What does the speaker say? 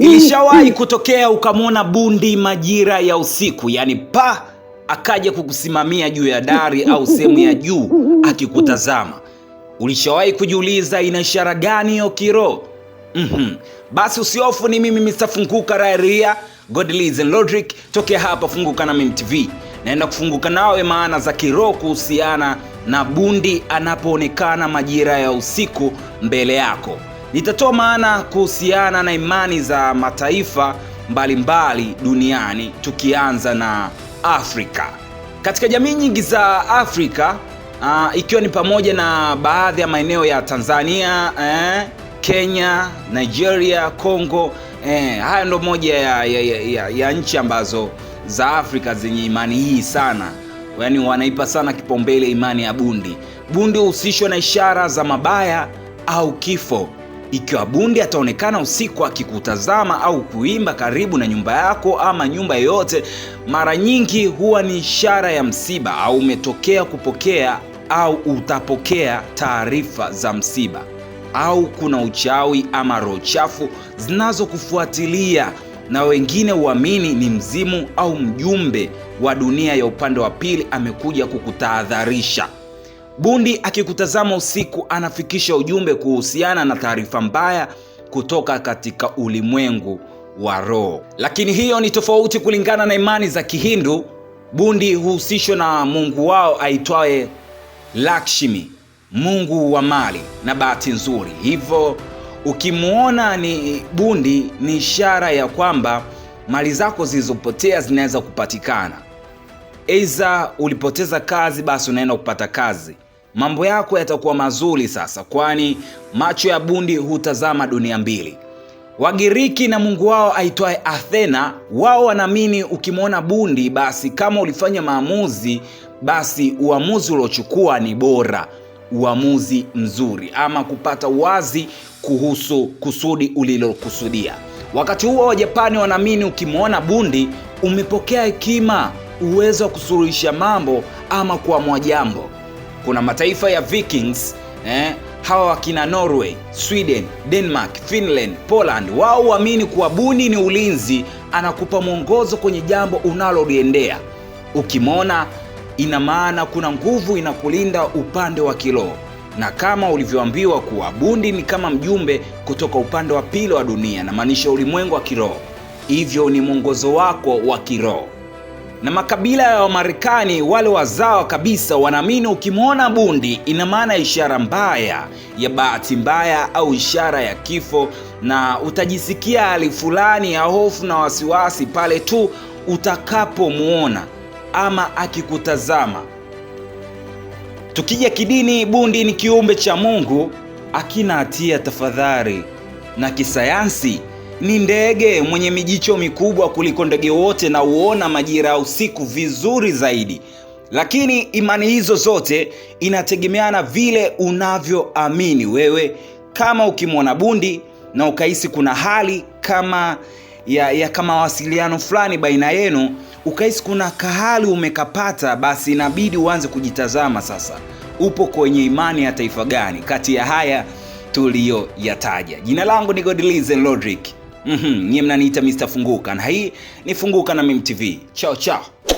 Ilishawahi kutokea ukamwona bundi majira ya usiku, yaani pa akaja kukusimamia juu ya dari au sehemu ya juu akikutazama? Ulishawahi kujiuliza ina ishara gani hiyo kiroho? mm -hmm. Basi usiofu, ni mimi Mr. Funguka Raeria Godlies and Lodric tokea hapa Funguka na Mimi TV, naenda kufunguka nawe maana za kiroho kuhusiana na bundi anapoonekana majira ya usiku mbele yako. Nitatoa maana kuhusiana na imani za mataifa mbalimbali mbali duniani tukianza na Afrika. Katika jamii nyingi za Afrika uh, ikiwa ni pamoja na baadhi ya maeneo ya Tanzania eh, Kenya, Nigeria, Congo eh, haya ndo moja ya, ya, ya, ya, ya nchi ambazo za Afrika zenye imani hii sana, yaani wanaipa sana kipaumbele imani ya bundi. Bundi huhusishwa na ishara za mabaya au kifo. Ikiwa bundi ataonekana usiku akikutazama au kuimba karibu na nyumba yako ama nyumba yoyote, mara nyingi huwa ni ishara ya msiba au umetokea kupokea au utapokea taarifa za msiba au kuna uchawi ama roho chafu zinazokufuatilia na wengine huamini ni mzimu au mjumbe wa dunia ya upande wa pili amekuja kukutahadharisha. Bundi akikutazama usiku anafikisha ujumbe kuhusiana na taarifa mbaya kutoka katika ulimwengu wa roho. Lakini hiyo ni tofauti kulingana na imani za Kihindu. Bundi huhusishwa na mungu wao aitwaye Lakshmi, mungu wa mali na bahati nzuri. Hivyo ukimwona ni bundi, ni ishara ya kwamba mali zako zilizopotea zinaweza kupatikana. Aidha, ulipoteza kazi, basi unaenda kupata kazi. Mambo yako yatakuwa mazuri sasa, kwani macho ya bundi hutazama dunia mbili. Wagiriki na mungu wao aitwaye Athena, wao wanaamini ukimwona bundi, basi kama ulifanya maamuzi, basi uamuzi uliochukua ni bora, uamuzi mzuri, ama kupata wazi kuhusu kusudi ulilokusudia. Wakati huo Wajapani wanaamini ukimwona bundi umepokea hekima uwezo wa kusuluhisha mambo ama kuamua jambo. Kuna mataifa ya Vikings eh, hawa wakina Norway, Sweden, Denmark, Finland, Poland, wao huamini kuwa buni ni ulinzi, anakupa mwongozo kwenye jambo unaloliendea. Ukimwona ina maana kuna nguvu inakulinda upande wa kiroho, na kama ulivyoambiwa kuwa bundi ni kama mjumbe kutoka upande wa pili wa dunia, na maanisha ulimwengu wa kiroho, hivyo ni mwongozo wako wa kiroho na makabila ya Wamarekani wale wazawa kabisa wanaamini ukimwona bundi ina maana ishara mbaya ya bahati mbaya au ishara ya kifo, na utajisikia hali fulani ya hofu na wasiwasi pale tu utakapomwona ama akikutazama. Tukija kidini, bundi ni kiumbe cha Mungu, akina hatia tafadhali, na kisayansi ni ndege mwenye mijicho mikubwa kuliko ndege wote na huona majira ya usiku vizuri zaidi. Lakini imani hizo zote inategemeana vile unavyoamini wewe. Kama ukimwona bundi na ukahisi kuna hali kama ya, ya kama wasiliano fulani baina yenu, ukahisi kuna kahali umekapata, basi inabidi uanze kujitazama sasa, upo kwenye imani ya taifa gani kati ya haya tuliyoyataja? Jina langu ni Godilize Lodrick. Mm -hmm, nyie mnaniita Mr. Funguka na hii ni Funguka na Mimi TV. Chao chao.